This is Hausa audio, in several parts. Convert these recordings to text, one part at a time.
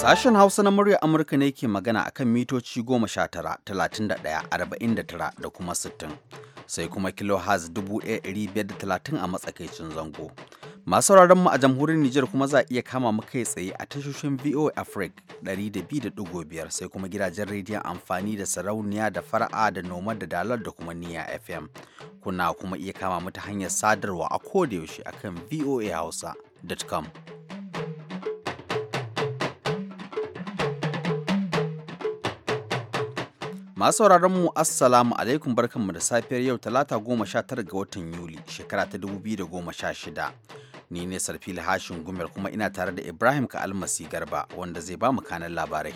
Sashen Hausa na murya Amurka ne ke magana akan mitoci goma sha tara talatin da kuma sittin sai kuma dubu da 1530 a matsakaicin zango. Masu mu a jamhuriyar Nijar kuma za a iya kama mu kai tsaye a tashoshin VOA Africa 200.5 sai kuma gidajen rediyon amfani da sarauniya da fara'a da noma da dalar da kuma niya FM. Kuna kuma iya kama mu ta hanyar sadarwa a kodayaushe akan voahausa.com. Masu mu Assalamu alaikum barkanmu da safiyar yau talata goma sha tara ga watan Yuli shekara ta dubu biyu da goma sha shida. Ni ne sarfi Hashin Gumel kuma ina tare da Ibrahim ka almasi Garba wanda zai ba mu kanan labarai.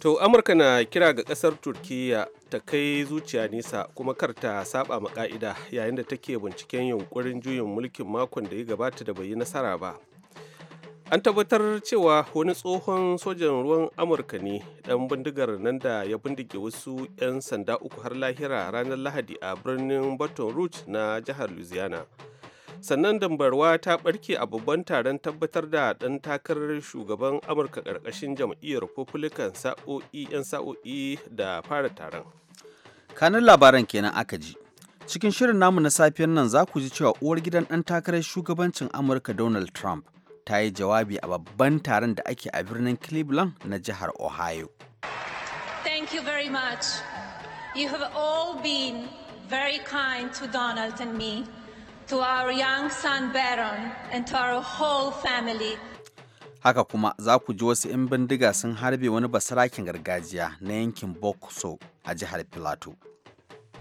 To Amurka na kira ga ƙasar Turkiyya ta kai zuciya nisa kuma kar ta saba ma ka'ida yayin da take binciken yunkurin juyin mulkin makon da ya gabata da bai yi nasara ba. an tabbatar cewa wani tsohon sojan ruwan amurka ne dan bindigar nan da ya bindige wasu 'yan sanda uku har lahira ranar lahadi a birnin baton rouge na jihar louisiana sannan dambarwa ta barke a babban taron tabbatar da dan takarar shugaban amurka karkashin jam'iyyar republican sa'o'i 'yan sa'o'i da fara taron kanin labaran kenan aka ji cikin shirin namu na safiyan nan za ku ji cewa uwar gidan dan takarar shugabancin amurka donald trump ta yi jawabi a babban taron da ake a birnin Cleveland na jihar Ohio. Thank you very much. You have all been very kind to Donald and me, to our young son Baron, and to our whole family. Haka kuma za ku ji wasu 'yan bindiga sun harbe wani basarakin gargajiya na yankin Bokso a jihar Plateau.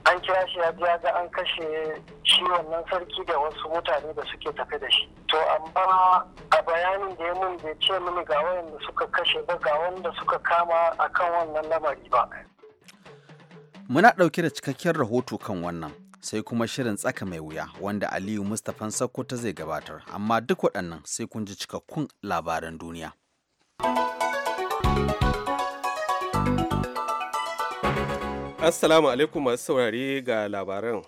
an kira shi ya ga an kashe shi wannan sarki da wasu mutane da suke tafe da shi to amma a bayanin da ya mun bai ce mini ga wanda suka kashe ba ga wanda suka kama akan wannan lamari ba muna ɗauke da cikakken rahoto kan wannan sai kuma shirin tsaka mai wuya wanda aliyu mustapha sokoto zai gabatar amma duk waɗannan sai kun ji cikakkun labaran duniya. Assalamu alaikum masu saurare ga labaran.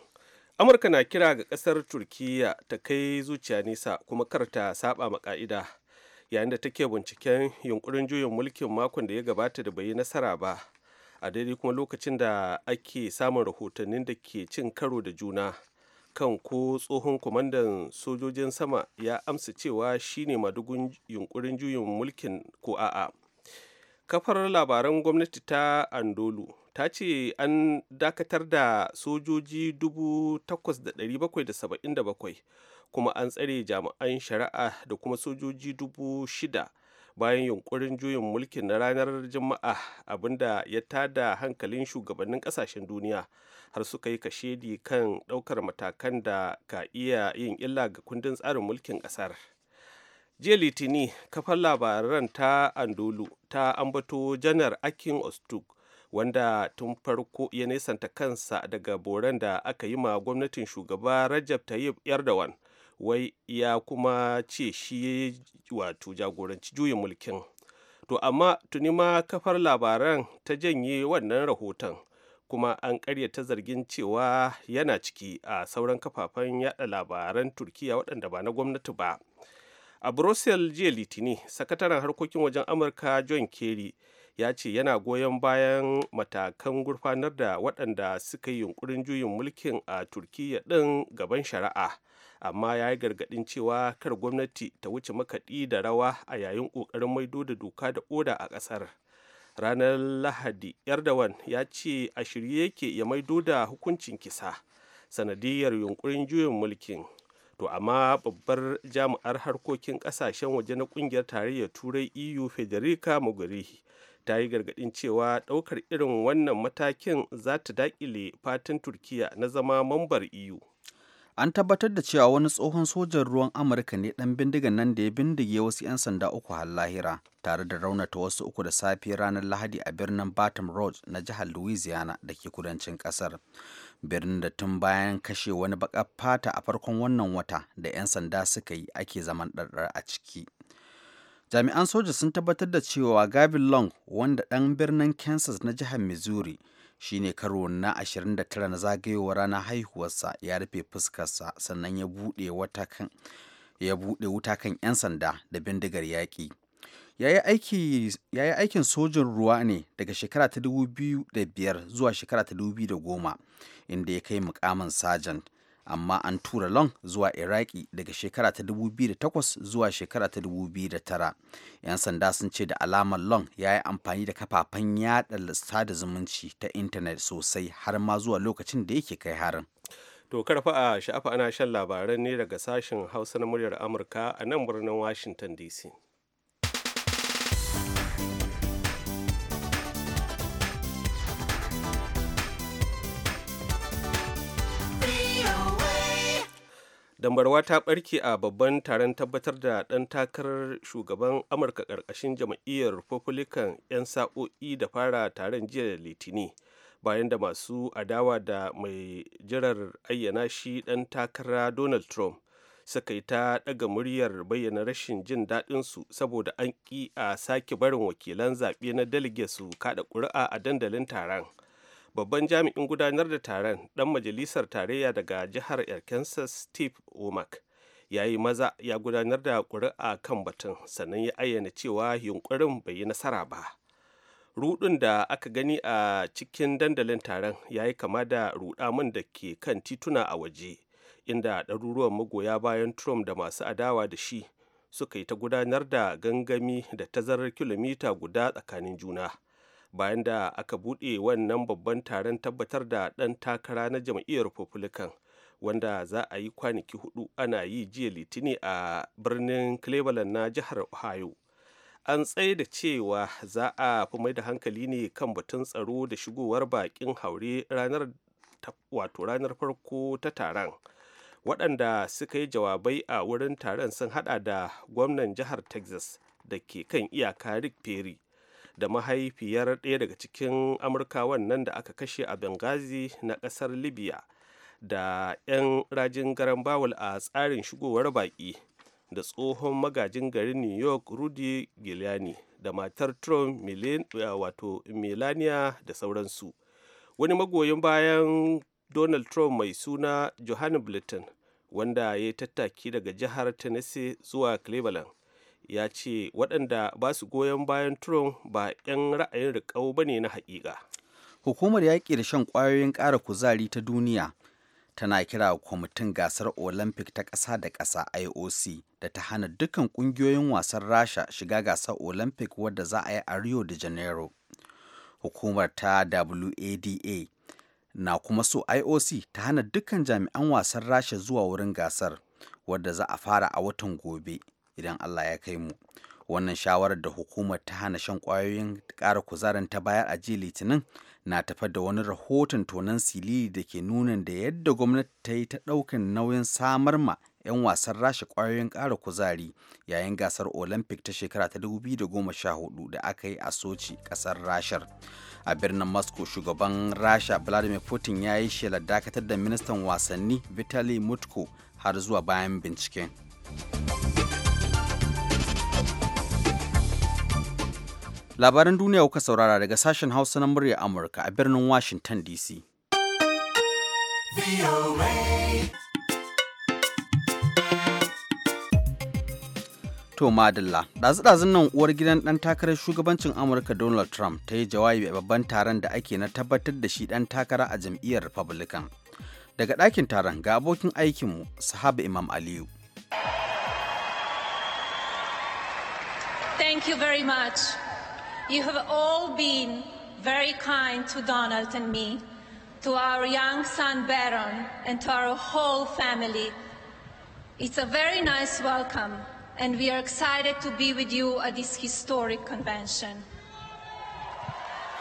Amurka na kira ga kasar Turkiyya ta kai zuciya nisa kuma kar ta saba ma ka'ida yayin da take binciken yunkurin juyin mulkin makon da ya gabata da bai yi nasara ba. A daidai kuma lokacin da ake samun rahotannin da ke cin karo da juna kan ko tsohon kwamandan sojojin sama ya amsa cewa shine madugun yunkurin juyin mulkin ko a'a. Kafar labaran gwamnati ta Andolu ta ce an dakatar da sojoji 8,777 kuma an tsare jami'an shari'a da kuma sojoji 6,000 bayan yunkurin juyin mulkin na ranar juma'a abinda ya tada hankalin shugabannin kasashen duniya har suka yi kashedi kan daukar matakan da ka iya yin illa ga kundin tsarin mulkin kasar jiya litini kafar labaran ta andolu ta ambato janar akin ostuk wanda tun farko ya nesanta kansa daga boran da aka yi ma gwamnatin shugaba rajab tayyip erdogan wai ya kuma ce shi wato jagoranci juyin mulkin to amma tuni ma kafar labaran ta janye wannan rahoton kuma an karyata zargin cewa yana ciki a sauran kafafen yada labaran turkiya waɗanda ba na gwamnati ba a brussels jiya litini sakataren harkokin wajen amurka john kerry ya ce yana goyon bayan matakan gurfanar da waɗanda suka yi yunkurin juyin mulkin a turkiyya ɗin gaban shari'a amma ya yi gargaɗin cewa kar gwamnati ta wuce makaɗi da rawa a yayin ƙoƙarin maido da doka da oda a ƙasar ranar lahadi erdogan ya ce a shirye yake ya maido da hukuncin kisa sanadiyar yunkurin juyin mulkin to amma babbar jami'ar harkokin ƙasashen waje na ƙungiyar tarayyar turai eu federica mogherini ta yi gargadin cewa daukar irin wannan matakin za ta daƙile fatan turkiya na zama mambar eu an tabbatar da cewa wani tsohon sojan ruwan amurka ne dan bindigan nan da ya bindige wasu 'yan sanda uku har lahira tare da raunata wasu uku da safe ranar lahadi a birnin baton rouge na jihar louisiana da ke kudancin kasar birnin da tun bayan kashe wani baƙar fata a farkon wannan wata da 'yan sanda suka yi ake zaman ɗarɗar a ciki jami'an soja sun tabbatar da cewa gavin long wanda ɗan birnin kansas na jihar missouri shine karo na 29 na zagayowar ranar haihuwarsa ya rufe fuskarsa sannan ya buɗe wuta kan 'yan sanda da bindigar yaƙi ya yi aikin sojin ruwa ne daga shekara ta 2005 zuwa shekara ta 2010 inda ya kai mukamin sergeant amma an tura long zuwa iraki daga shekara ta 2008 zuwa shekara ta 2009 'yan sanda sun ce da alamar long ya yi amfani da kafafen yada sada zumunci ta intanet sosai har ma zuwa lokacin da yake kai harin to karfa a sha'afa ana shan labaran ne daga sashen hausa na muryar amurka a nan birnin washington dc dambarwa ta barke a babban taron tabbatar da ɗan takarar shugaban amurka ƙarƙashin jam'iyyar republican 'yan sa'o'i da fara taron jiya da litini bayan da masu adawa da mai jirar ayyana shi ɗan takara donald trump suka yi ta ɗaga muryar bayyana rashin jin daɗinsu saboda an ƙi a sake barin wakilan zaɓe na su kaɗa ƙuri'a a dandalin taron babban jami'in gudanar da taron dan majalisar tarayya daga jihar arkansas steve womack ya yi maza ya gudanar da ƙuri'a kan batun sannan ya ayyana cewa yunkurin bai yi nasara ba rudun da aka gani a cikin dandalin taron ya yi kama da rudamin da ke kan tituna a waje inda ɗaruruwan magoya bayan trump da masu adawa da shi suka yi ta gudanar da gangami da tazarar kilomita guda tsakanin juna bayan da aka buɗe wannan babban taron tabbatar da ɗan takara na jam'iyyar republican wanda za a yi kwanaki hudu ana yi jiya litini a birnin cleveland na jihar ohio an tsaye da cewa za a fi mai da hankali ne kan batun tsaro da shigowar bakin haure ranar wato ranar farko ta taron waɗanda suka yi jawabai a wurin taron sun hada da gwamnan jihar texas da ke kan iyaka rick perry da mahaifiyar ɗaya daga cikin amurkawan nan da aka kashe a benghazi na ƙasar libya da 'yan rajin garan bawul a tsarin shigowar baƙi da tsohon magajin garin new york rudy giuliani da matar trump wato melania da sauransu wani magoyin bayan donald trump mai suna johannes blinton wanda ya yi tattaki daga jihar tennessee zuwa cleveland ya ce waɗanda ba su goyon bayan Trump ba 'yan ra'ayin riƙau ba ne na haƙiƙa. Hukumar yaƙi da shan ƙwayoyin ƙara kuzari ta duniya tana kira kwamitin gasar Olympic ta ƙasa da ƙasa IOC da ta hana dukkan ƙungiyoyin wasan Rasha shiga gasar Olympic wadda za a yi a Rio de Janeiro. Hukumar ta WADA na kuma so IOC ta hana dukkan jami'an wasan Rasha zuwa wurin gasar wadda za a fara a watan gobe idan Allah ya kai mu. Wannan shawarar da hukumar ta hana shan kwayoyin ƙara kuzarin ta bayar a jiya Litinin na tafar da wani rahoton tonan silili da ke nunin da yadda gwamnati ta yi ta ɗaukan nauyin samar ma 'yan wasan rasha kwayoyin ƙara kuzari yayin gasar olympic ta shekara ta 2014 da aka yi a soci ƙasar rashar a birnin moscow shugaban rasha vladimir putin ya yi shelar dakatar da ministan wasanni vitali mutko har zuwa bayan binciken. Labaran duniya kuka saurara daga sashen Hausa na murya Amurka a birnin Washington DC. To Madalla, ɗazu-ɗazun nan uwar gidan ɗan takarar shugabancin Amurka Donald Trump ta yi jawabi a babban taron da ake na tabbatar da shi ɗan takara a jam'iyyar Republican. Daga ɗakin taron ga abokin aikinmu, Sahaba Imam Aliyu. Thank you very much. You have all been very kind to Donald and me, to our young son Baron, and to our whole family. It's a very nice welcome, and we are excited to be with you at this historic convention.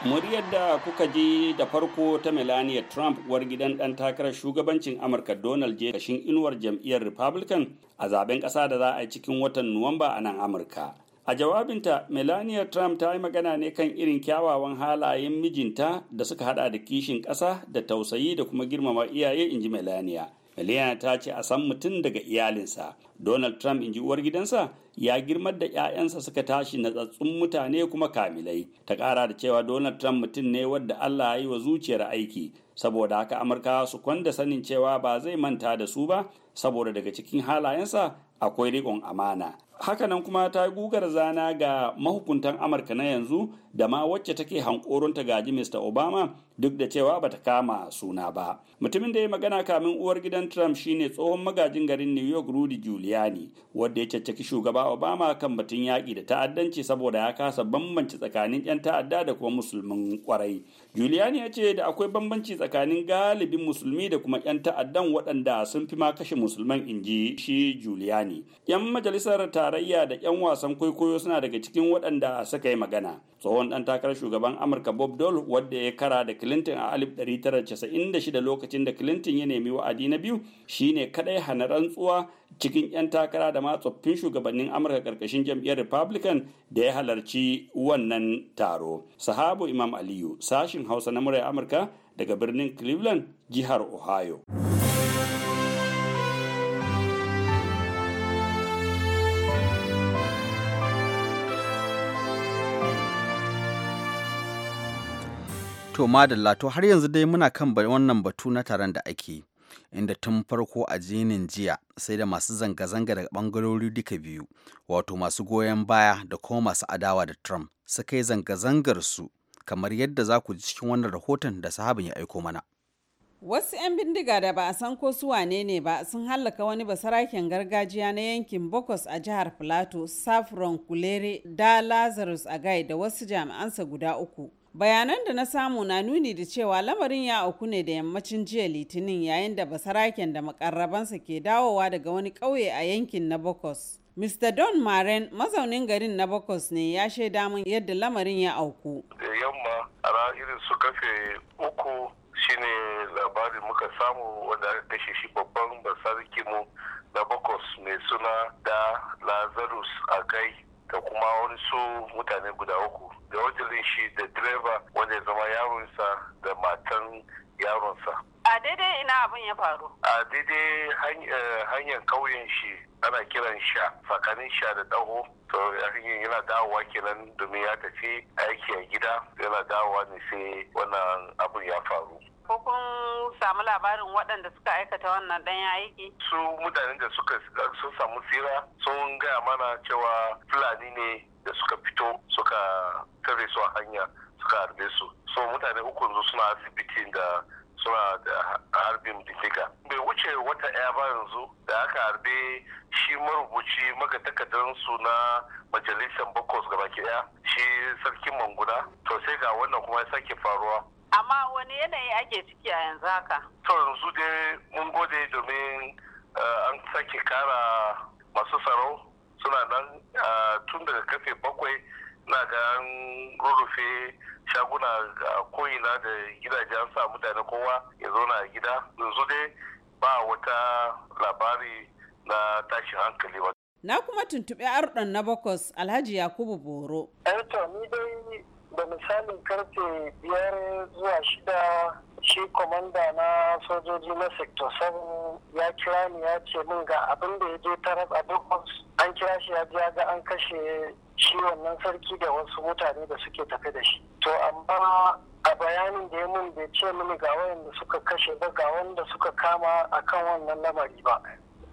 muryar da kuka ji da farko ta melania trump uwar gidan dan takarar shugabancin amurka donald j kashin inuwar jam'iyyar republican a zaben kasa da za a yi cikin watan nuwamba a nan amurka A jawabinta, Melania Trump ta yi magana ne kan irin kyawawan halayen mijinta da suka hada da kishin ƙasa da tausayi da kuma girmama iyaye inji Melania. Melania ta ce a san mutum daga iyalinsa. Donald Trump inji uwar gidansa ya girmar da 'ya'yansa suka tashi natsatsun mutane kuma kamilai. Ta kara da cewa Donald Trump mutum ne wadda Allah ya yi wa zuciyar aiki. Saboda haka Amurkawa su kwanda sanin cewa ba zai manta da su ba, saboda daga cikin halayensa akwai riƙon amana hakanan kuma ta gugar zana ga mahukuntan amurka na yanzu da ma wacce take hankoron gaji mr obama duk da cewa bata kama suna ba mutumin da ya magana kamin uwar gidan trump shine tsohon magajin garin new york rudy giuliani wanda ya caccaki shugaba obama kan batun yaƙi da ta'addanci saboda ya kasa bambanci tsakanin 'yan ta'adda da kuma musulmin kwarai giuliani ya ce da akwai bambanci tsakanin galibin musulmi da kuma 'yan ta'addan waɗanda sun fi ma kashe musulman in ji shi giuliani 'yan majalisar tarayya da 'yan wasan kwaikwayo suna daga cikin waɗanda suka yi magana tsohon ɗan takarar shugaban amurka bob dole wanda ya kara da Clinton a 1996 lokacin da Clinton ya nemi wa'adi na biyu shine kadai hana rantsuwa cikin 'yan takara da ma tsoffin shugabannin Amurka karkashin jam'iyyar Republican da ya halarci wannan taro. Sahabu Imam Aliyu, sashin Hausa na murai Amurka daga birnin Cleveland, jihar Ohio. To madalla to har yanzu dai muna kan wannan batu na taron da ake inda tun farko a jinin jiya sai da masu zanga-zanga daga bangarori duka biyu wato masu goyon baya da kuma masu adawa da Trump suka yi zanga-zangar su kamar yadda za ku ji cikin wannan rahoton da sahabin ya aiko mana. Wasu 'yan bindiga da ba a san ko su wane ne ba sun hallaka wani basaraken gargajiya na yankin Bokos a jihar Plateau, Saffron Kulere da Lazarus a da wasu jami'ansa guda uku. bayanan da na samu na nuni da cewa lamarin ya auku ne da yammacin jiya litinin yayin da basaraken da makarrabansa ke dawowa daga wani ƙauye a yankin na bokos mr don maren mazaunin garin na bokos ne ya shaida min yadda lamarin ya auku da yamma a irin su kafe uku shine labarin muka samu wanda aka kashe shi babban basarkinmu na bokos mai suna da lazarus a kai da kuma wani su mutane guda uku da wajen shi da direba wanda ya zama yaronsa da matan yaronsa a daidai ina abin ya faru a daidai eh, hanyar kauyen shi ana kiran sha tsakanin sha da ɗaho to yarinyar yana dawowa kenan domin ya tafi aiki a gida yana dawowa ne sai wannan abin ya faru ko kun samu labarin waɗanda suka aikata wannan ɗan aiki? Su mutanen da suka sun samu tsira sun gaya mana cewa Fulani ne da suka fito suka kare su a hanya suka harbe su. So mutane uku yanzu suna asibitin da suna da harbin bindiga. Bai wuce wata ɗaya ba yanzu da aka harbe shi marubuci magatakardarsu na majalisar Bokos gaba ɗaya shi sarkin manguna. To sai ga wannan kuma ya sake faruwa. amma wani yanayi ake ciki a yanzu haka to yanzu dai mun gode domin eh, an sake kara masu tsaro suna nan eh, tun daga kafe bakwai na ga an rurrufe shaguna a ko'ina da gidaje an sa mutane kowa ya zauna a gida yanzu dai ba wata labari na tashin hankali ba. Na kuma tuntuɓi arɗon na bakwas Alhaji Yakubu Boro. Eh, ni dai da misalin karfe biyar zuwa shida shi kwamanda na sojoji na sector 7 ya kira ni ya ce min ga abin da ya je taras a an kira shi ya biya ga an kashe shi wannan sarki da wasu mutane da suke tafi da shi to amma a bayanin da ya mun bai ce mini ga wayanda suka kashe ba ga wanda suka kama akan wannan lamari ba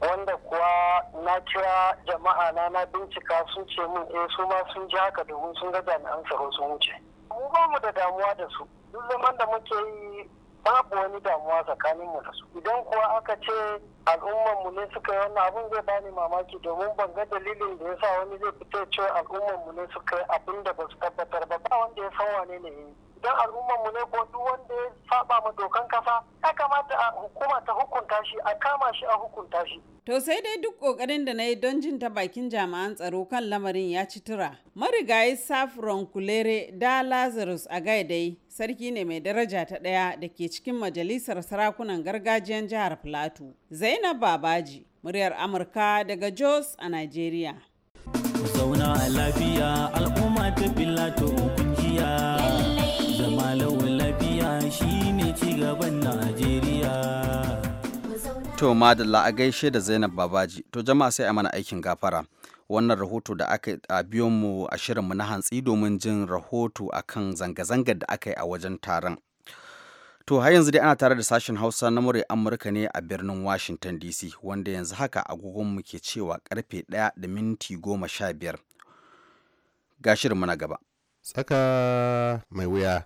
wanda kuwa na kira jama'a na na bincika sun ce min eh su ma sun ji haka domin sun ga jami'an tsaro sun wuce mu ba mu da damuwa da su duk zaman da muke yi babu wani damuwa tsakanin mu da su idan kuwa aka ce al'ummar mu ne suka yi wannan abun zai bani mamaki domin ban ga dalilin da yasa wani zai fita ce al'ummar mu ne suka yi abin da ba su tabbatar ba ba wanda ya san wane ne don al'ummar mu ne ko duk wanda ya saba ma dokan kasa ya kamata a hukuma ta hukunta shi a kama shi a hukunta shi To sai dai duk kokarin da na yi don jin ta bakin jami'an tsaro kan lamarin ya ci tura. Marigayi Safron Kulere da Lazarus a gaidai sarki ne mai daraja ta ɗaya da ke cikin majalisar sarakunan gargajiyan jihar Plateau. Zainab Babaji, muryar Amurka daga Jos a Najeriya. Zauna a lafiya al'umma ta filato kungiya. malau lafiya shine cigaban najeriya to madalla a gaishe da zainab babaji to jama'a sai a mana aikin gafara wannan rahoto da aka a biyon mu a shirinmu na hantsi domin jin rahoto a kan zanga-zangar da aka yi a wajen taron To har yanzu dai ana tare da sashen Hausa na murya Amurka ne a birnin Washington DC wanda yanzu haka agogon mu ke cewa karfe 1 da minti goma Ga shirinmu na gaba. tsaka mai wuya.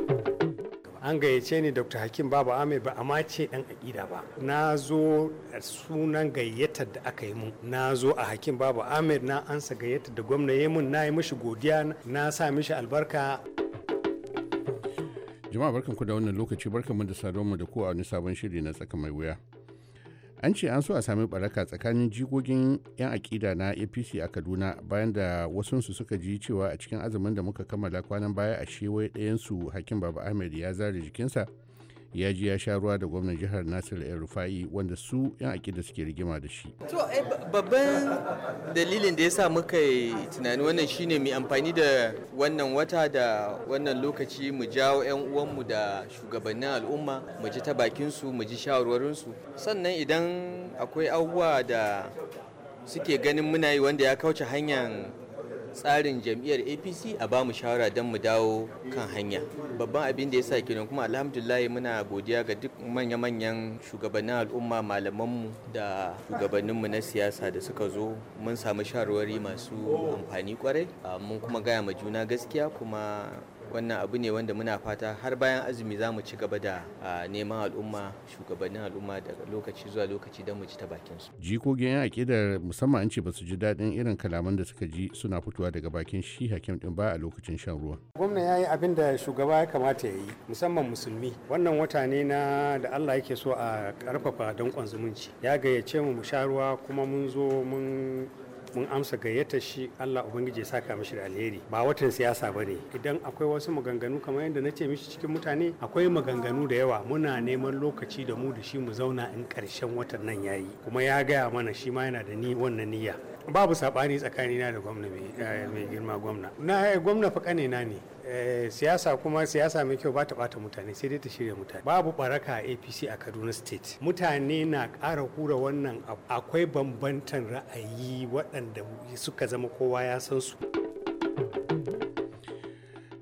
an gayyace ni dr hakim babu ame ba amma ce dan akida ba na zo sunan gayyatar da aka yi mun na zo a hakim babu ame na ansa gayyatar da gwamna ya mun na yi mishi godiya na sa mishi albarka jama'a barkanku da wannan lokaci barkanmu da saduwa da ku a wani sabon shiri na tsaka mai wuya an ce an so a sami baraka tsakanin jigogin 'yan aƙida na apc a kaduna bayan da wasunsu suka ji cewa a cikin azumin da muka kammala kwanan baya a shewai ɗayansu hakim baba ahmed ya zare jikinsa ya ji ya sha ruwa da gwamnan jihar nasir el rufai wanda su yan da suke rigima da shi to babban dalilin da ya sa muka yi tunani wannan shine mai amfani da wannan wata da wannan lokaci mu jawo yan uwanmu da shugabannin al'umma mu ji ta bakin su mu ji shawarwarin su sannan idan akwai abubuwa da suke ganin muna yi wanda ya kauce hanyar tsarin jam'iyyar apc a ba mu shawara don mu dawo kan hanya babban abin da ya sa kenan kuma alhamdulillah muna godiya ga duk manya-manyan shugabannin al'umma malamanmu da shugabanninmu na siyasa da suka zo mun samu shawarwari masu amfani kwarai mun kuma gaya ma juna gaskiya kuma wannan abu ne wanda muna fata har bayan azumi za mu ci gaba da neman al'umma shugabannin al'umma daga lokaci zuwa lokaci don mu ci ta bakin su jikogin yan akidar musamman an ce ba su ji daɗin irin kalaman da suka ji suna fitowa daga bakin shi hakim din ba a lokacin shan ruwa gwamna ya yi abin da shugaba ya kamata ya yi musamman musulmi wannan wata ne na da Allah yake so a karfafa danƙon zumunci ya gayyace mu mu sha ruwa kuma mun zo mun mun amsa gayyata shi Allah ubangiji ya saka mishi da alheri ba watan siyasa ba ne. idan akwai wasu maganganu kamar yadda na ce mishi cikin mutane akwai maganganu da yawa muna neman lokaci da mu da shi mu zauna in karshen watan nan ya yi. kuma ya gaya mana shi ma yana da ni wannan niyya babu saɓani tsakanina da gwamna mai eh, girma gwamna na eh, gwamna fa na ne eh, siyasa kuma siyasa mai kyau ba ta bata mutane sai dai ta shirya mutane babu baraka a apc a kaduna state mutane na ƙara hura wannan akwai bambantan ra'ayi waɗanda suka zama kowa ya san su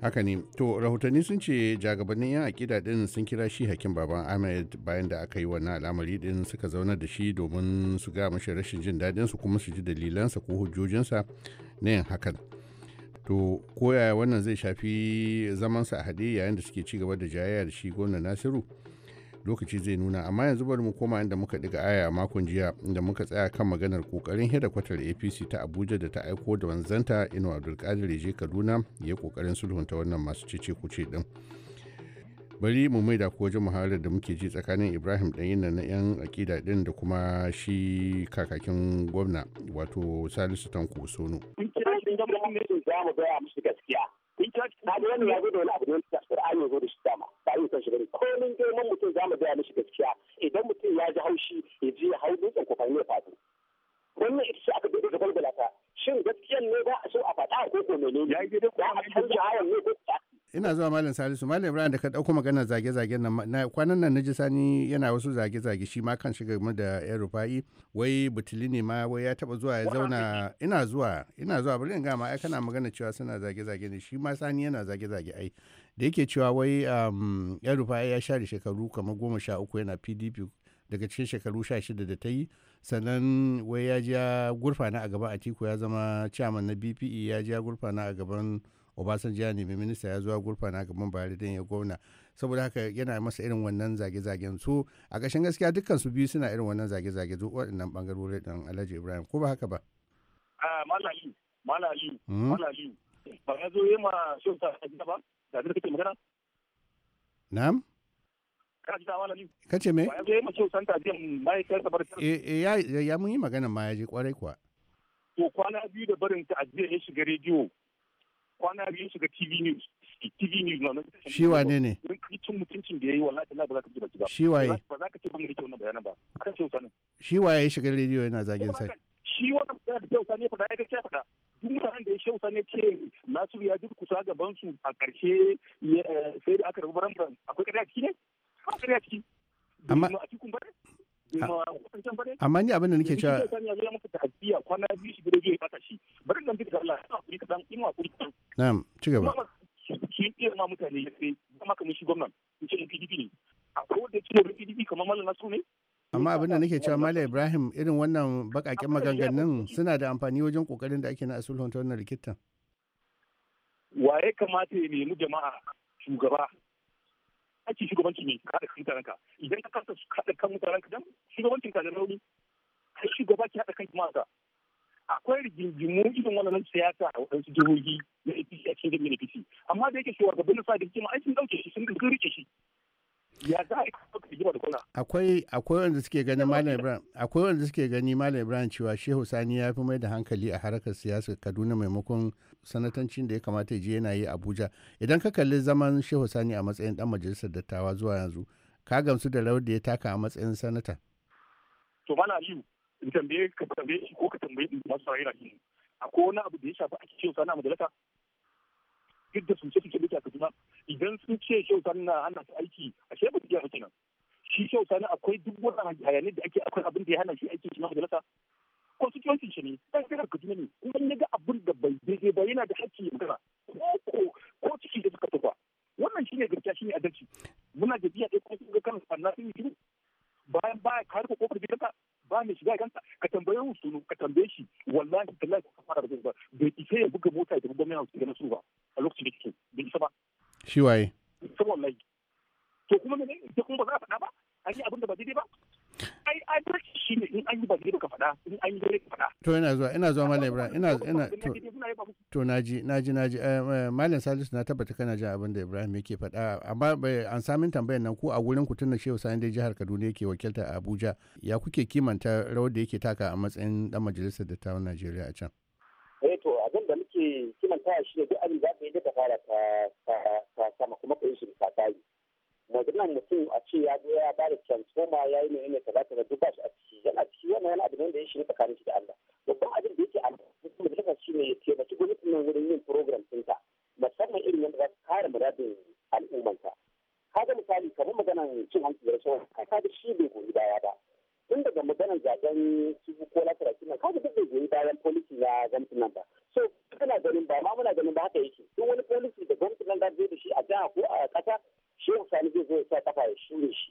haka ne to rahotanni sun ce jagabannin yan akida din sun kira shi hakim baban ahmed bayan da aka yi wannan al'amari din suka zaunar da shi domin su ga mashi rashin jin daɗin su kuma su ji dalilansa ko hujjojinsa na yin hakan to koyaya wannan zai shafi zamansa a haɗe yayin da suke ci gaba da jayayya da shi gwamna nasiru lokaci zai nuna amma yanzu bari mu koma inda muka diga aya a makon jiya inda muka tsaya kan maganar kokarin kwatar apc ta abuja da ta aiko da wanzanta inuwa abdulkadir je kaduna ya kokarin sulhunta wannan masu cece kuce din bari mu maida ko wajen muhawarar da muke ji tsakanin ibrahim dan yana na yan akida ɗin da kuma shi kakakin gwamna wato salisu tanko sono in gaskiya wani wani abu shi ba ayyukan shi bane komin mun mutum zamu ga mishi gaskiya idan mutum ya ji haushi ya ji ya hau dutsen kokarin ya faɗi wannan ita ce aka dade da balbala ta shin gaskiyan ne ba a so a faɗa ko ko menene ya ji da ko a canza hawan ne ko ina zuwa malam salisu malam ibrahim da ka dauko magana zage-zage nan kwanan nan na ji sani yana wasu zage-zage shi ma kan shiga game da yan rufa'i wai butuli ne ma wai ya taba zuwa ya zauna ina zuwa ina zuwa bari in gama ai kana magana cewa suna zage-zage ne shi ma sani yana zage-zage ai da yake cewa wai um, yan rufa'i ya share shekaru kamar goma sha uku yana pdp daga cikin shekaru sha shida da ta yi sannan wai ya ja gurfana a gaban atiku ya zama chairman na bpe ya ja gurfana a gaban obasanjo ya nemi minista ya zuwa gurfana a gaban bayar da ya gwamna saboda haka yana masa irin wannan zage-zagen su a ƙarshen gaskiya dukkan su biyu suna irin wannan zage-zage duk waɗannan ɓangarori ɗin alhaji ibrahim ko ba haka ba. malali malali malali ba ya zo yi ma shi ba da abin kake magana ya mun yi magana ma ya je kwarai kuwa to kwana biyu da barin ta ajiye ya shiga rediyo kwana biyu shiga TV news shi wa ne mun mutuncin da yayi wallahi Allah ba za ka ji shi ba za ka ban shi wa ya shiga rediyo yana zagin sai shi wannan da ya duk mutanen da ya shausa ne ce nasiru ya durkusa gaban su a ƙarshe eh, sai da aka rabu baran akwai ƙarya ciki ne ƙarya ciki amma a cikin bare amma ni abin da nake cewa kwana biyu shi gidaje ya shi bari dan bidda Allah ina kuri ba ne kamar mallan ne amma abin da nake cewa malam ibrahim irin wannan bakaken maganganun suna da amfani wajen kokarin da ake na asulhunta wannan rikitan waye kamata ya nemi jama'a shugaba ake shugabanci ne ka haɗa kan mutanenka idan ka kasa haɗa kan ka dan shugabancin ka da rauni kai shugaba ki haɗa kan jama'a ka akwai rigingimu irin wannan siyasa a waɗansu jihohi na APC a cikin APC amma da yake shugabannin sa da hikima ai dauke ɗauke shi sun rike shi ya za a yi rigima da akwai akwai wanda suke gani malam ibrahim akwai wanda suke gani malam ibrahim cewa shehu sani ya fi mai da hankali a harkar siyasa kaduna maimakon sanatancin da ya kamata ya je yana yi abuja idan ka kalli zaman shehu sani a matsayin dan majalisar dattawa zuwa yanzu ka gamsu da rawar da ya taka a matsayin sanata to mana yi in tambaye ka tambaye shi ko ka tambaye masu saurayira shi akwai wani abu da ya shafi a cikin sana'a majalisa duk da sun ce suke duka kaduna idan sun ce kyauta na hana su aiki a shi ba su gyara kenan shi kyauta akwai duk wannan hayanin da ake akwai abin da ya hana shi aiki shi na majalisa constituency shi ne dan ka kaduna ne kuma ya ga abin da bai daidai ba yana da hakki ya magana ko ko ciki da suka tafa wannan shine gaskiya shine adalci muna da biya ɗaya kuma sun ga kan sannan sun yi bayan baya ka harka kofar gidanka ba mai shiga kansa ka tambaye su ka tambaye shi wallahi tallahi ka fara da ba bai isa ya buga mota ya tafi gwamnati su ga nasu ba a lokacin da kike bai isa ba Shi waye? Ita wallahi. To kuma ne ita kuma ba za a faɗa ba? An yi abin da ba daidai ba? Ai ai barci shi ne in an yi ba daidai ka faɗa in an yi daidai ka faɗa. To ina zuwa ina zuwa mallam Ibrahim ina ina to to naji naji naji eh, eh, mallam Salisu na tabbata kana jin abin da Ibrahim yake faɗa amma eh, an samin tambayar nan ku a gurin ku tunda Shehu Sani dai jihar Kaduna yake wakilta Abuja ya kuke kimanta rawar da yake taka a matsayin dan majalisar dattawan Najeriya a can. eh to abin da muke kimanta shi ne duk abin da ka yi da fara ta sama kuma ka yi shi bisa tsari maganar mutum a ce ya zo ya ba da transformer ya yi mai ne ta kaza duk ba shi a ciki yana ciki yana yana abin da ya shiga tsakanin shi da Allah babban abin da yake a mutum shi ne ya taimaki gwamnatin nan wurin yin program ɗinta musamman irin yadda za su kare muradin al'ummanta ga misali kamar maganar cin hanci da rashawa ga shi bai goyi baya ba tun daga maganar zaben su ko na karatu nan kaga duk da goyi bayan policy na gwamnati nan ba so kana ganin ba ma muna ganin ba haka yake duk wani policy da gwamnati nan zai da shi a jiha ko a kasa shi ya sani zai zo ya sa kafa ya ne shi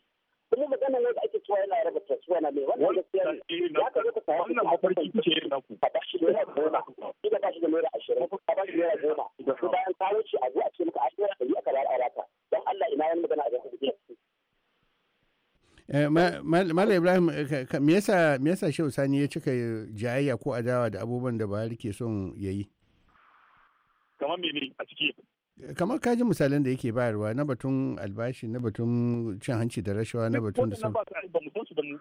kuma maganar wanda ake cewa yana raba tasuwa na mai wannan gaskiya ne ya ka zo ka samu wannan mafarki ce Eh, Mala Ibrahim, eh, me yasa Shehu Sani ya cika jayayya ko adawa da abubuwan da Buhari ke son ya yi? Kamar mene a ciki? Eh, kamar kaji misalan da yake bayarwa na batun albashi, na batun cin hanci da rashawa, na batun da sun. Ba mu san su ba mu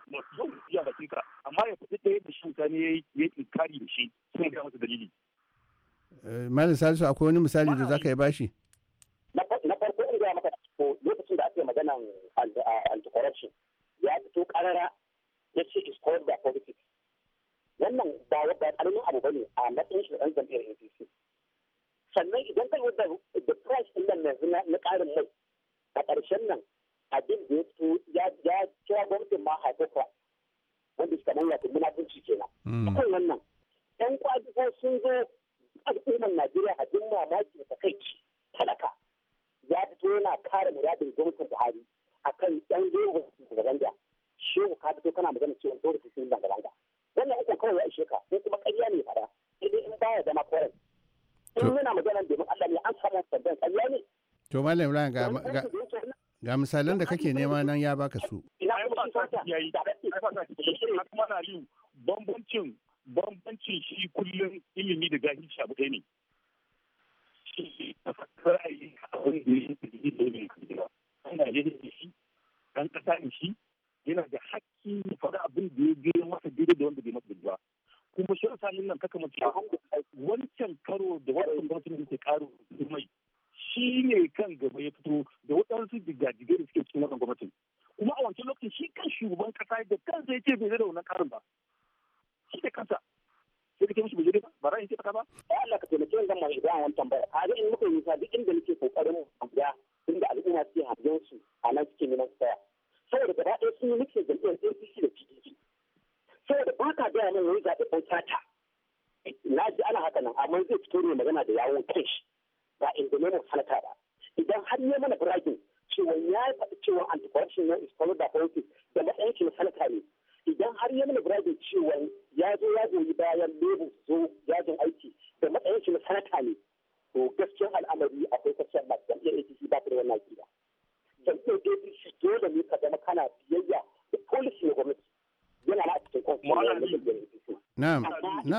iya bakin cika amma ya kuɗi ɗaya da Shehu Sani ya yi inkari da shi, sun ga masa dalili. Malam Salisu akwai wani misali da za ka yi bashi? adepa wanda suka nan yafi munafunci kenan hmm. akan wannan yan kwadugo sun zo al'ummar najeriya a abin mamaki da kai ci talaka ya fito yana kare muradin gwamnatin buhari a akan yan zuwa zanga-zanga shehu ka fito kana magana cewa dole su yi zanga-zanga wannan uku kawai ya ishe ka ko kuma ƙarya ne fara sai dai in baya zama koren in muna magana domin allah ne an samu sabbin ƙarya ne to malam ibrahim ga misalan da kake nema nan ya baka su wasu digadigai da suke cikin wannan gwamnatin kuma a wancan lokacin shi kan shugaban kasa da kansa ya ce bai da wannan karin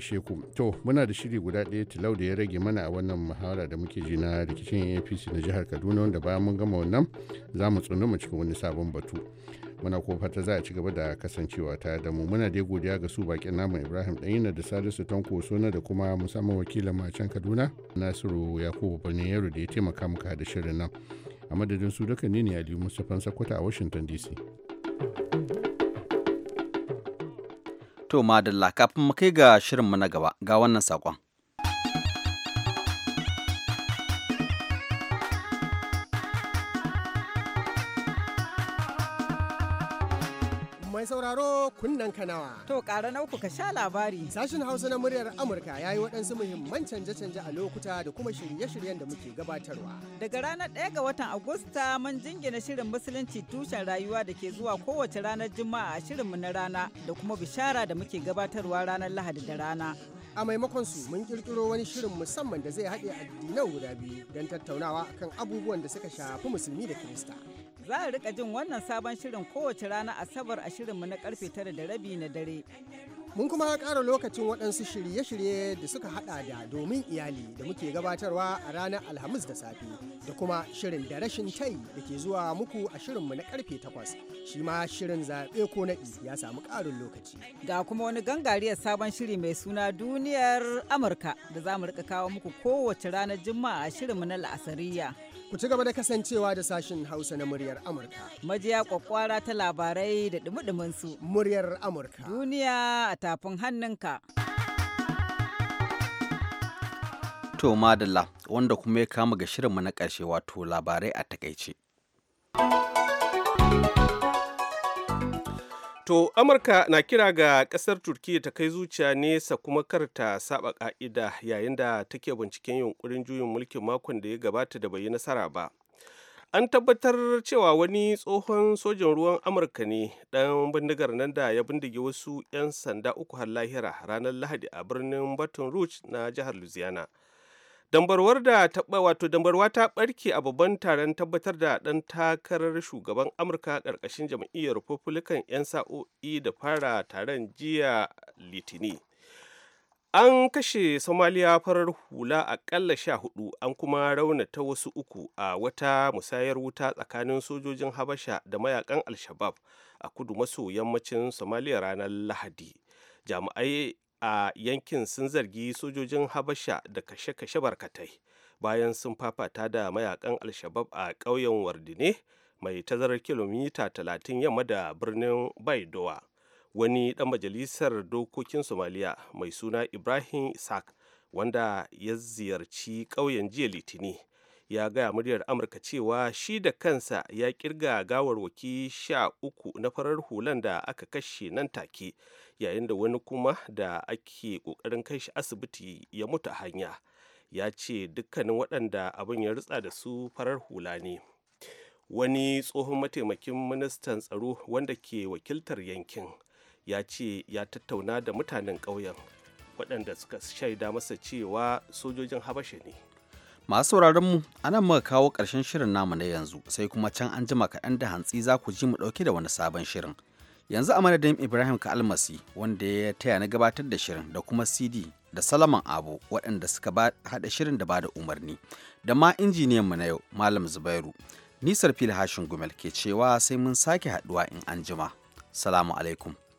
gaishe ku to muna da shiri guda ɗaya tilau da ya rage mana a wannan muhawara da muke ji na rikicin apc na jihar kaduna wanda bayan mun gama wannan za mu mu cikin wani sabon batu muna ko fata za a ci gaba da kasancewa ta da mu muna dai godiya ga su bakin namu ibrahim ɗanyina da salisu tanko sona da kuma musamman wakilin macen kaduna nasiru yakubu bani yaro da ya taimaka muka da shirin nan a madadin su duka ne ne aliyu mustapha sakkwata a washington dc To madalla kafin mu kai ga shirinmu na gaba ga wannan saƙon. sauraro kunnen kanawa. To ƙara uku ka sha labari. sashen Hausa na muryar Amurka ya yi waɗansu muhimman canje-canje a lokuta da kuma shirye-shiryen da muke gabatarwa. Daga ranar ɗaya ga watan Agusta mun jingina shirin Musulunci tushen rayuwa da ke zuwa kowace ranar Juma'a a shirinmu na rana da kuma bishara da muke gabatarwa ranar Lahadi da rana. a maimakon su mun kirkiro wani shirin musamman da zai haɗe addinai guda biyu don tattaunawa kan abubuwan da suka shafi musulmi da kirista Za a rika jin wannan sabon shirin kowace rana Asabar a shirinmu na karfe tara da rabi na dare. Mun kuma ƙara lokacin waɗansu shirye-shirye da suka haɗa da domin iyali da muke gabatarwa a ranar Alhamis da safe da kuma shirin da rashin tai da ke zuwa muku a shirinmu na karfe takwas. Shi ma shirin zaɓe ko naɗi ya samu ƙarin lokaci. Ga kuma wani gangariyar sabon shiri mai suna duniyar Amurka da za mu rika kawo muku kowace ranar Juma'a a shirinmu na la'asariya. Ku ci gaba da kasancewa da sashin Hausa na muryar Amurka. Majiya kwakwara ta labarai da dumudumin su. Muryar Amurka. Duniya a tafin hannunka. To madalla wanda kuma ya kama ga shirinmu na karshe wato labarai a takaice. To Amurka na kira ga kasar Turkiyya ta kai zuciya nesa kuma kar ta saba ka'ida yayin da take binciken yunkurin juyin mulkin makon da ya gabata da bai yi nasara ba. An tabbatar cewa wani tsohon sojan ruwan Amurka ne ɗan bindigar nan da ya bindige wasu 'yan sanda uku har lahira ranar Lahadi a birnin Baton Rouge na jihar Louisiana. dambarwar da taɓa wato dambarwa ta ɓarke a babban taron tabbatar da ɗan takarar shugaban amurka ƙarƙashin jam'iyyar republican 'yan sa'o'i da fara taron jiya litini an kashe somaliya farar hula aƙalla sha hudu an kuma raunata wasu uku a wata musayar wuta tsakanin sojojin habasha da mayakan al a kudu maso yammacin somaliya ranar lahadi jami'ai a yankin sun zargi sojojin habasha da kashe-kashe barkatai bayan sun fafata da mayakan alshabab a ƙauyen wardine mai tazarar kilomita 30 yamma da birnin baidowa wani ɗan majalisar dokokin somaliya mai suna ibrahim isaac wanda ya ziyarci ƙauyen jiya litini ya gaya muryar amurka cewa shi da kansa ya kirga gawarwaki sha uku na farar hulan da aka kashe nan take yayin da wani kuma da ake kokarin kai shi asibiti ya mutu a hanya ya ce dukkanin waɗanda abin ya rutsa da su farar hula ne wani tsohon mataimakin ministan tsaro wanda ke wakiltar yankin ya ce ya tattauna da mutanen ƙauyen waɗanda suka shaida masa cewa sojojin habasha ne masu sauraron mu anan muka kawo ƙarshen shirin namu na yanzu sai kuma can an jima kaɗan da hantsi za ku ji mu ɗauke da wani sabon shirin yanzu a madadin ibrahim ka almasi wanda ya taya na gabatar da shirin da kuma cd da salaman abu waɗanda suka haɗa shirin da bada umarni da ma injiniyan mu na yau malam zubairu nisar fil hashin gumel ke cewa sai mun sake haɗuwa in anjima salamu alaikum